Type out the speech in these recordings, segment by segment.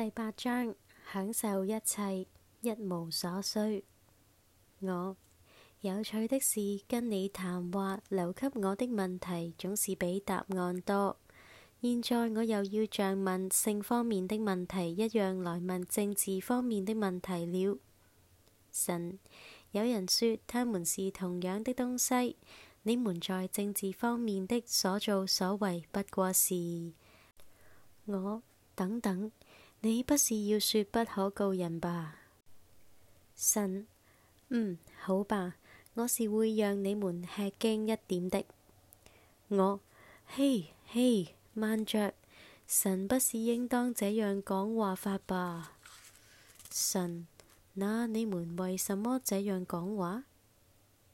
第八章，享受一切，一無所需。我，有趣的是，跟你談話，留給我的問題總是比答案多。現在我又要像問性方面的問題一樣來問政治方面的問題了。神，有人說他們是同樣的東西，你們在政治方面的所作所為不過是……我等等。你不是要說不可告人吧？神，嗯，好吧，我是會讓你們吃驚一點的。我，嘿，嘿，慢着，神不是應當這樣講話法吧？神，那你們為什麼這樣講話？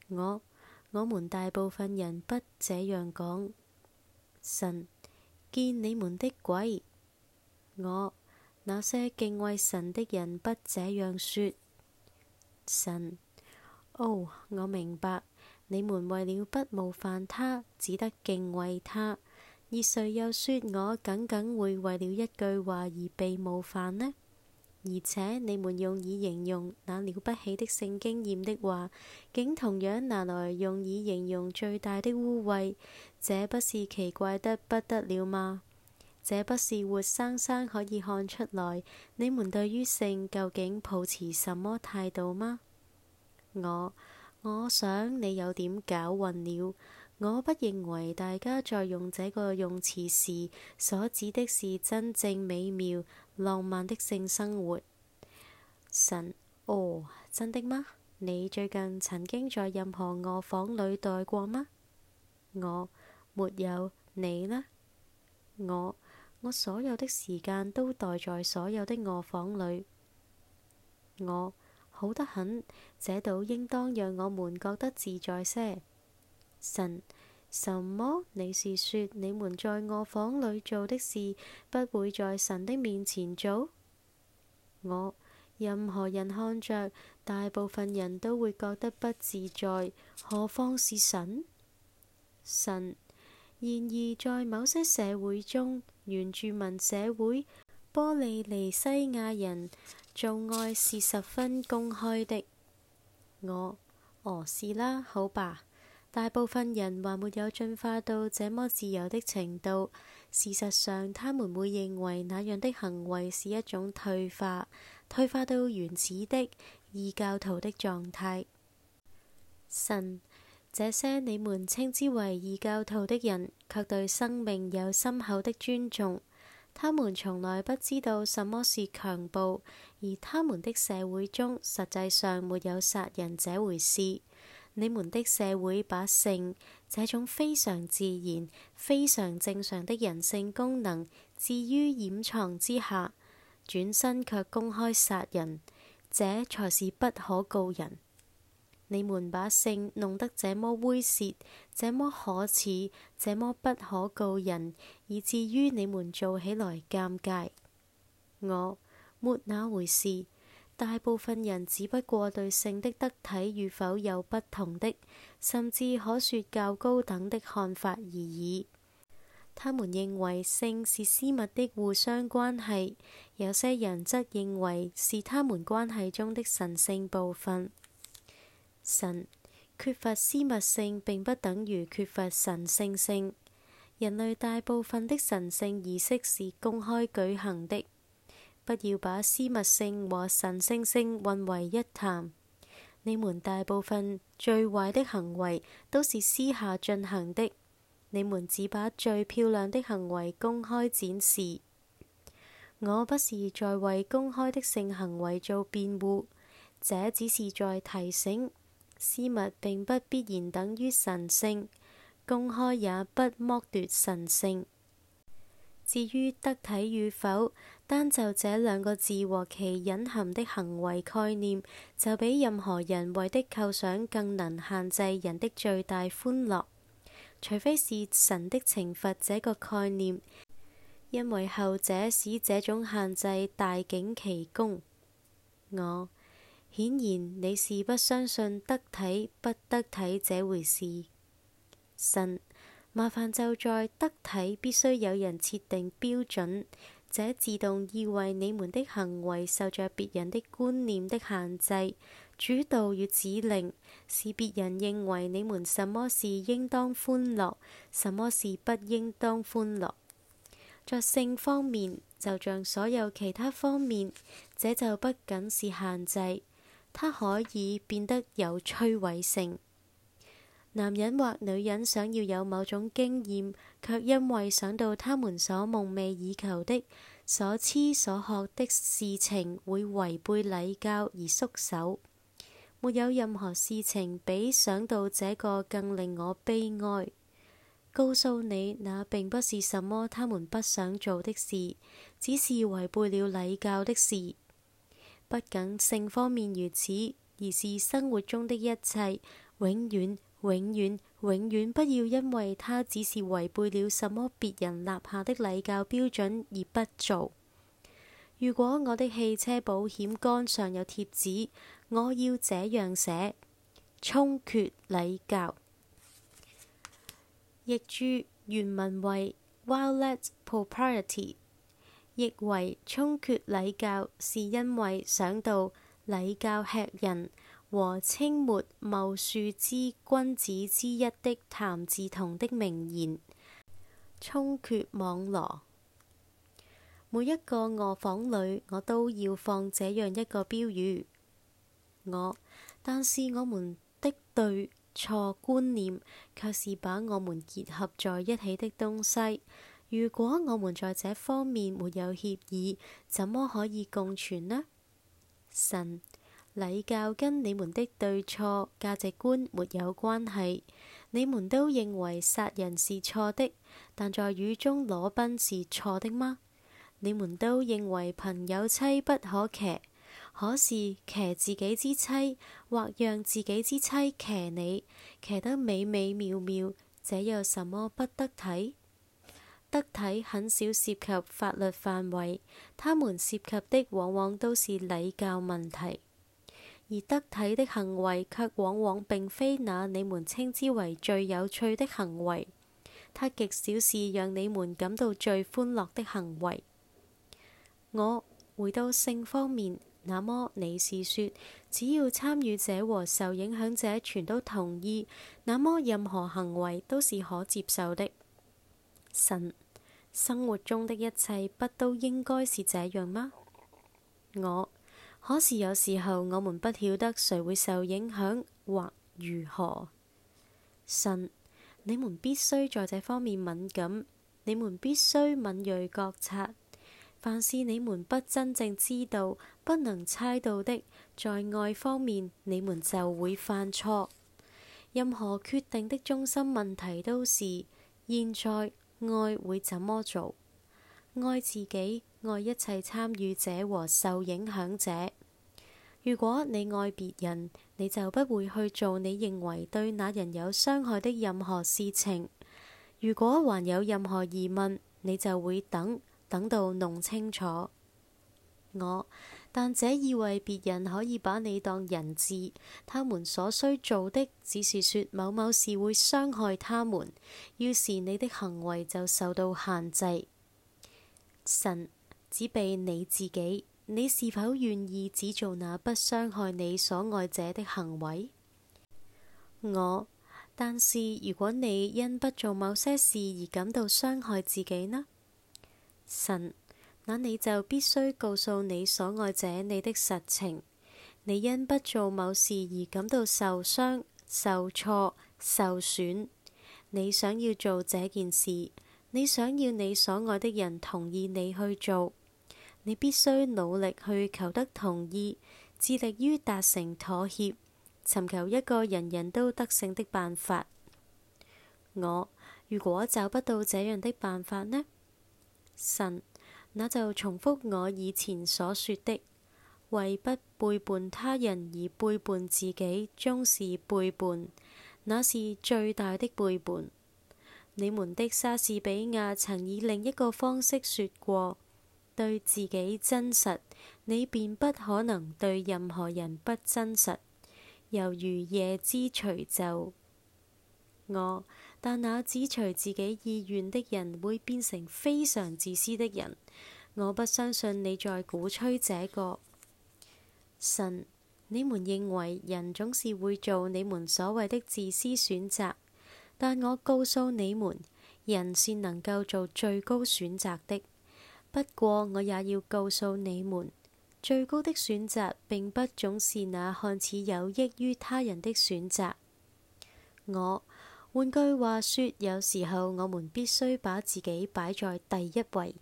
我，我們大部分人不這樣講。神，見你們的鬼。我。那些敬畏神的人不這樣說神。哦，我明白，你們為了不冒犯他，只得敬畏他。而誰又說我僅僅會為了一句話而被冒犯呢？而且你們用以形容那了不起的性經驗的話，竟同樣拿來用以形容最大的污穢，這不是奇怪得不得了嗎？這不是活生生可以看出來，你們對於性究竟抱持什麼態度嗎？我，我想你有點搞混了。我不認為大家在用這個用詞時所指的是真正美妙浪漫的性生活。神，哦，真的嗎？你最近曾經在任何臥房裡待過嗎？我沒有，你呢？我。我所有的時間都待在所有的臥房裡，我好得很。這倒應當讓我們覺得自在些。神，什麼？你是說你們在臥房裡做的事不會在神的面前做？我，任何人看着，大部分人都會覺得不自在，何況是神？神。然而，在某些社會中，原住民社會波利尼西亞人做愛是十分公開的。我哦是啦，好吧，大部分人還沒有進化到這麼自由的程度。事實上，他們會認為那樣的行為是一種退化，退化到原始的異教徒的狀態。神。這些你們稱之為異教徒的人，卻對生命有深厚的尊重。他們從來不知道什麼是強暴，而他們的社會中實際上沒有殺人這回事。你們的社會把性這種非常自然、非常正常的人性功能置於掩藏之下，轉身卻公開殺人，這才是不可告人。你們把性弄得這麼猥褻，這麼可恥，這麼不可告人，以至於你們做起來尷尬。我沒那回事。大部分人只不過對性的得體與否有不同的，甚至可說較高等的看法而已。他們認為性是私密的互相關係，有些人則認為是他們關係中的神聖部分。神缺乏私密性，并不等于缺乏神聖性。人類大部分的神聖儀式是公開舉行的，不要把私密性和神聖性混為一談。你們大部分最壞的行為都是私下進行的，你們只把最漂亮的行為公開展示。我不是在為公開的性行為做辯護，這只是在提醒。私密並不必然等於神聖，公開也不剝奪神聖。至於得體與否，單就這兩個字和其隱含的行為概念，就比任何人為的構想更能限制人的最大歡樂。除非是神的懲罰這個概念，因為後者使這種限制大景其功。我。顯然你是不相信得體不得體這回事。神，麻煩就在得體，必須有人設定標準，這自動意味你們的行為受著別人的觀念的限制、主導與指令，使別人認為你們什麼事應當歡樂，什麼事不應當歡樂。在性方面，就像所有其他方面，這就不僅是限制。它可以變得有趣味性。男人或女人想要有某種經驗，卻因為想到他們所夢寐以求的、所知所學的事情會違背禮教而縮手。沒有任何事情比想到這個更令我悲哀。告訴你，那並不是什麼他們不想做的事，只是違背了禮教的事。不僅性方面如此，而是生活中的一切，永遠、永遠、永遠不要因為它只是違背了什麼別人立下的禮教標準而不做。如果我的汽車保險桿上有貼紙，我要這樣寫：衝決禮教。譯註：原文為 Violate propriety。亦為衝決禮教，是因為想到禮教吃人，和清末戊戌之君子之一的譚嗣同的名言：「衝決網羅」。每一個臥房裏，我都要放這樣一個標語。我，但是我們的對錯觀念，却是把我們結合在一起的東西。如果我們在這方面沒有協議，怎麼可以共存呢？神禮教跟你們的對錯價值觀沒有關係。你們都認為殺人是錯的，但在雨中裸奔是錯的嗎？你們都認為朋友妻不可騎，可是騎自己之妻或讓自己之妻騎你，騎得美美妙妙，這有什麼不得體？得體很少涉及法律範圍，他們涉及的往往都是禮教問題，而得體的行為卻往往並非那你們稱之為最有趣的行為。它極少是讓你們感到最歡樂的行為。我回到性方面，那麼你是說，只要參與者和受影響者全都同意，那麼任何行為都是可接受的？神，生活中的一切不都應該是這樣嗎？我，可是有時候我們不曉得誰會受影響或如何。神，你們必須在這方面敏感，你們必須敏銳覺察。凡是你們不真正知道、不能猜到的，在愛方面你們就會犯錯。任何決定的中心問題都是現在。愛會怎麼做？愛自己，愛一切參與者和受影響者。如果你愛別人，你就不會去做你認為對那人有傷害的任何事情。如果還有任何疑問，你就會等，等到弄清楚。我，但這意味別人可以把你當人質，他們所需做的只是說某某事會傷害他們，於是你的行為就受到限制。神只被你自己，你是否願意只做那不傷害你所愛者的行為？我，但是如果你因不做某些事而感到傷害自己呢？神。那你就必須告訴你所愛者你的實情。你因不做某事而感到受傷、受挫、受損。你想要做這件事，你想要你所愛的人同意你去做，你必須努力去求得同意，致力於達成妥協，尋求一個人人都得勝的辦法。我如果找不到這樣的辦法呢？神。那就重複我以前所說的，為不背叛他人而背叛自己，終是背叛，那是最大的背叛。你們的莎士比亞曾以另一個方式說過：對自己真實，你便不可能對任何人不真實。猶如夜之隨就晝我，但那只隨自己意願的人，會變成非常自私的人。我不相信你在鼓吹這個神。你們認為人總是會做你們所謂的自私選擇，但我告訴你們，人是能夠做最高選擇的。不過我也要告訴你們，最高的選擇並不總是那看似有益於他人的選擇。我換句話說，有時候我們必須把自己擺在第一位。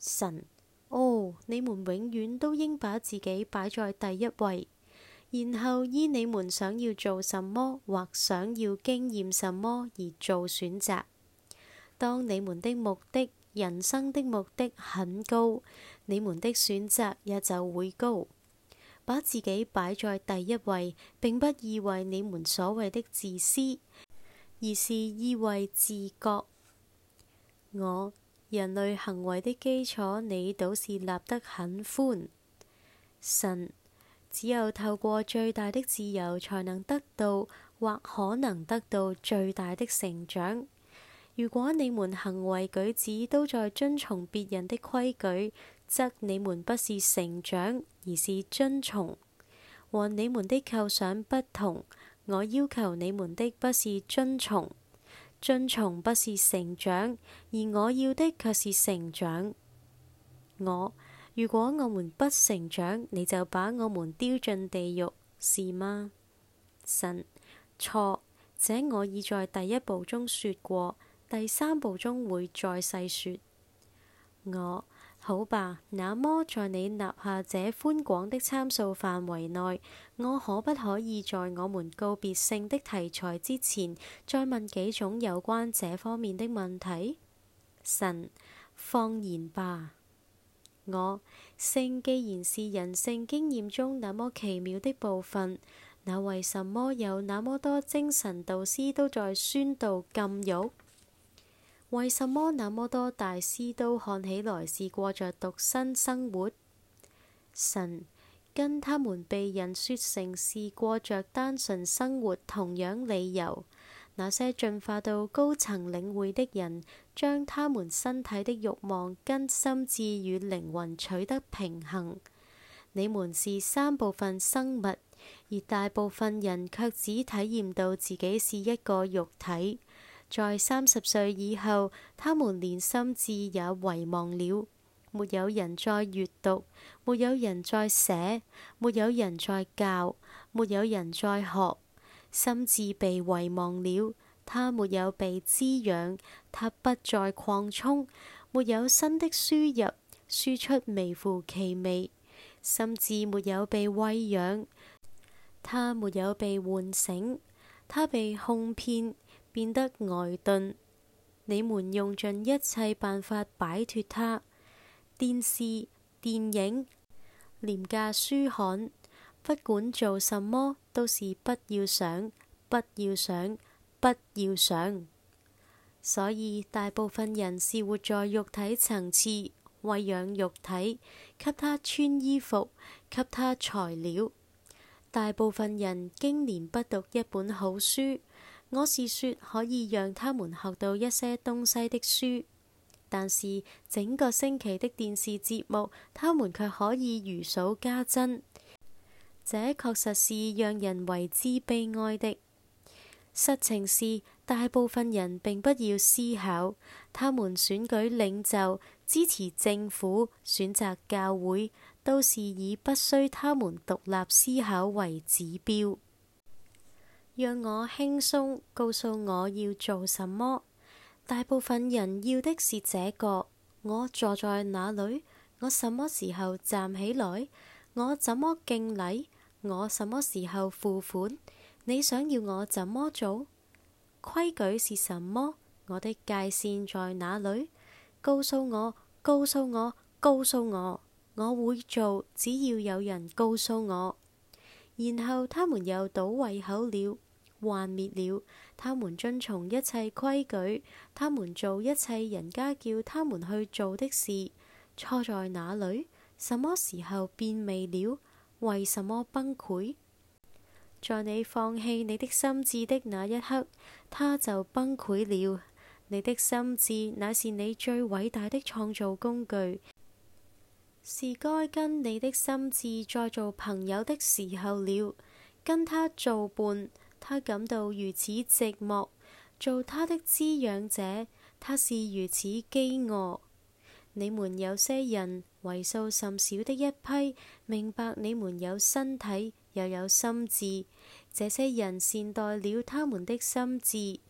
神哦！你們永遠都應把自己擺在第一位，然後依你們想要做什麼或想要經驗什麼而做選擇。當你們的目的、人生的目的很高，你們的選擇也就會高。把自己擺在第一位，並不意味你們所謂的自私，而是意味自覺。我人類行為的基礎，你倒是立得很寬。神，只有透過最大的自由，才能得到或可能得到最大的成長。如果你們行為舉止都在遵從別人的規矩，則你們不是成長，而是遵從。和你們的構想不同，我要求你們的不是遵從。遵從不是成長，而我要的卻是成長。我，如果我們不成長，你就把我們丟進地獄，是嗎？神，錯，這我已在第一部中說過，第三部中會再細說。我。好吧，那麼在你立下這寬廣的參數範圍內，我可不可以在我們告別性的題材之前，再問幾種有關這方面的問題？神，放言吧。我，性既然是人性經驗中那麼奇妙的部分，那為什麼有那麼多精神導師都在宣導禁欲？為什麼那麼多大師都看起來是過着獨身生活？神，跟他們被人說成是過着單純生活，同樣理由。那些進化到高層領會的人，將他們身體的欲望跟心智與靈魂取得平衡。你們是三部分生物，而大部分人卻只體驗到自己是一個肉體。在三十歲以後，他們連心智也遺忘了。沒有人在閱讀，沒有人在寫，沒有人在教，沒有人在學。心智被遺忘了，他沒有被滋養，他不再擴充，沒有新的輸入，輸出微乎其微，甚至沒有被餵養。他沒有被喚醒，他被哄騙。變得呆鈍，你們用盡一切辦法擺脫他。電視電影、廉價書刊，不管做什麼都是不要想、不要想、不要想。所以大部分人是活在肉體層次，餵養肉體，給他穿衣服，給他材料。大部分人經年不讀一本好書。我是說，可以讓他們學到一些東西的書，但是整個星期的電視節目，他們卻可以如數家珍。這確實是讓人為之悲哀的。實情是，大部分人並不要思考，他們選舉領袖、支持政府、選擇教會，都是以不需他們獨立思考為指標。讓我輕鬆，告訴我要做什麼？大部分人要的是這個。我坐在哪裡？我什麼時候站起來？我怎麼敬禮？我什麼時候付款？你想要我怎麼做？規矩是什麼？我的界線在哪裡？告訴我，告訴我，告訴我，我會做，只要有人告訴我。然後他們又倒胃口了，幻滅了。他們遵從一切規矩，他們做一切人家叫他們去做的事。錯在哪裡？什麼時候變味了？為什麼崩潰？在你放棄你的心智的那一刻，他就崩潰了。你的心智，乃是你最偉大的創造工具。是該跟你的心智再做朋友的時候了，跟他做伴，他感到如此寂寞，做他的滋養者，他是如此饑餓。你們有些人，為數甚少的一批，明白你們有身體又有心智，這些人善待了他們的心智。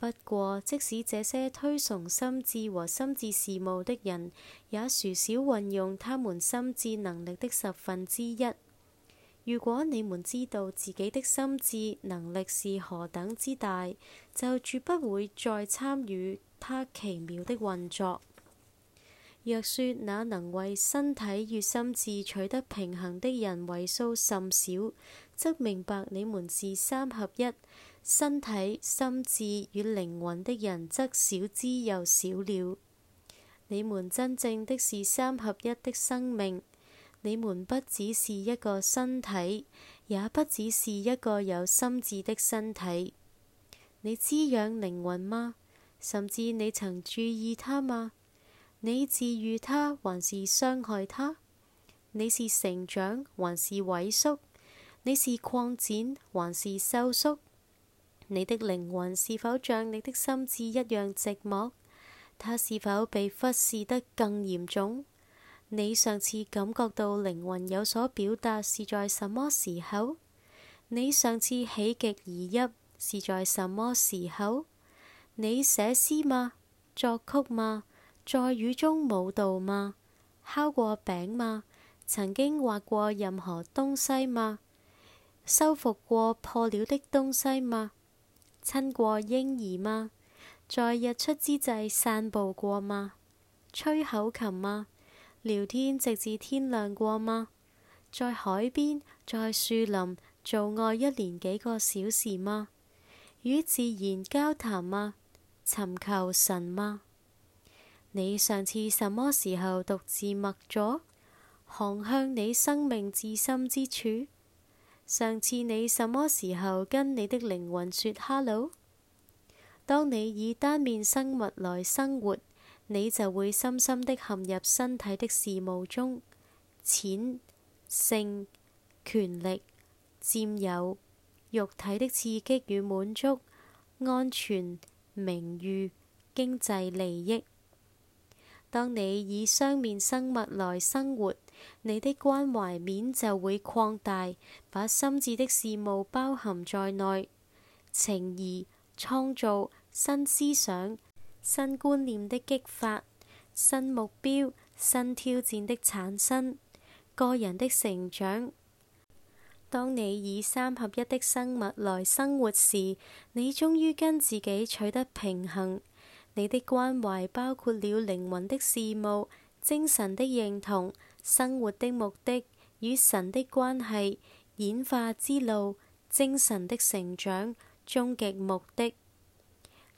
不過，即使這些推崇心智和心智事務的人，也殊少運用他們心智能力的十分之一。如果你們知道自己的心智能力是何等之大，就絕不會再參與它奇妙的運作。若說那能為身體與心智取得平衡的人為數甚少，則明白你們是三合一。身體、心智與靈魂的人則少之又少了。你們真正的是三合一的生命，你們不只是一個身體，也不只是一個有心智的身體。你滋養靈魂嗎？甚至你曾注意他嗎？你治愈他還是傷害他？你是成長還是萎縮？你是擴展還是收縮？你的靈魂是否像你的心智一樣寂寞？它是否被忽視得更嚴重？你上次感覺到靈魂有所表達是在什麼時候？你上次喜極而泣是在什麼時候？你寫詩嗎？作曲嗎？在雨中舞蹈嗎？烤過餅嗎？曾經畫過任何東西嗎？修復過破了的東西嗎？親過嬰兒嗎？在日出之際散步過嗎？吹口琴嗎？聊天直至天亮過嗎？在海邊、在樹林做愛一連幾個小時嗎？與自然交談嗎？尋求神嗎？你上次什麼時候獨自默咗？航向你生命至深之處？上次你什麼時候跟你的靈魂說 hello？當你以單面生物來生活，你就會深深的陷入身體的事務中，錢、性、權力、占有、肉體的刺激與滿足、安全、名譽、經濟利益。當你以雙面生物來生活，你的關懷面就會擴大，把心智的事務包含在內，情義、創造、新思想、新觀念的激發、新目標、新挑戰的產生、個人的成長。當你以三合一的生物來生活時，你終於跟自己取得平衡。你的關懷包括了靈魂的事務、精神的認同、生活的目的、與神的關係、演化之路、精神的成長、終極目的。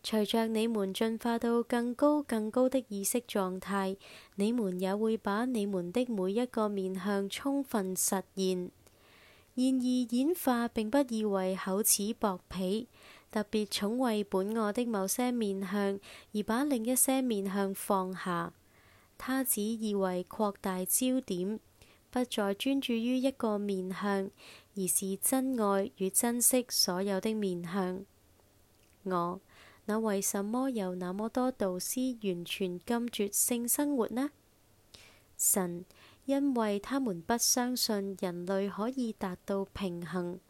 隨着你們進化到更高更高的意識狀態，你們也會把你們的每一個面向充分實現。然而，演化並不意味厚此薄彼。特別寵愛本我的某些面向，而把另一些面向放下。他只意為擴大焦點，不再專注於一個面向，而是真愛與珍惜所有的面向。我，那為什麼有那麼多導師完全禁絕性生活呢？神，因為他們不相信人類可以達到平衡。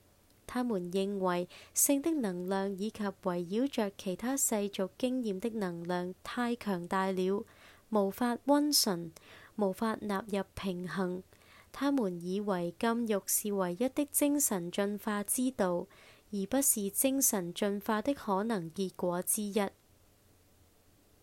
他們認為性的能量以及圍繞着其他世俗經驗的能量太強大了，無法溫順，無法納入平衡。他們以為禁慾是唯一的精神進化之道，而不是精神進化的可能結果之一。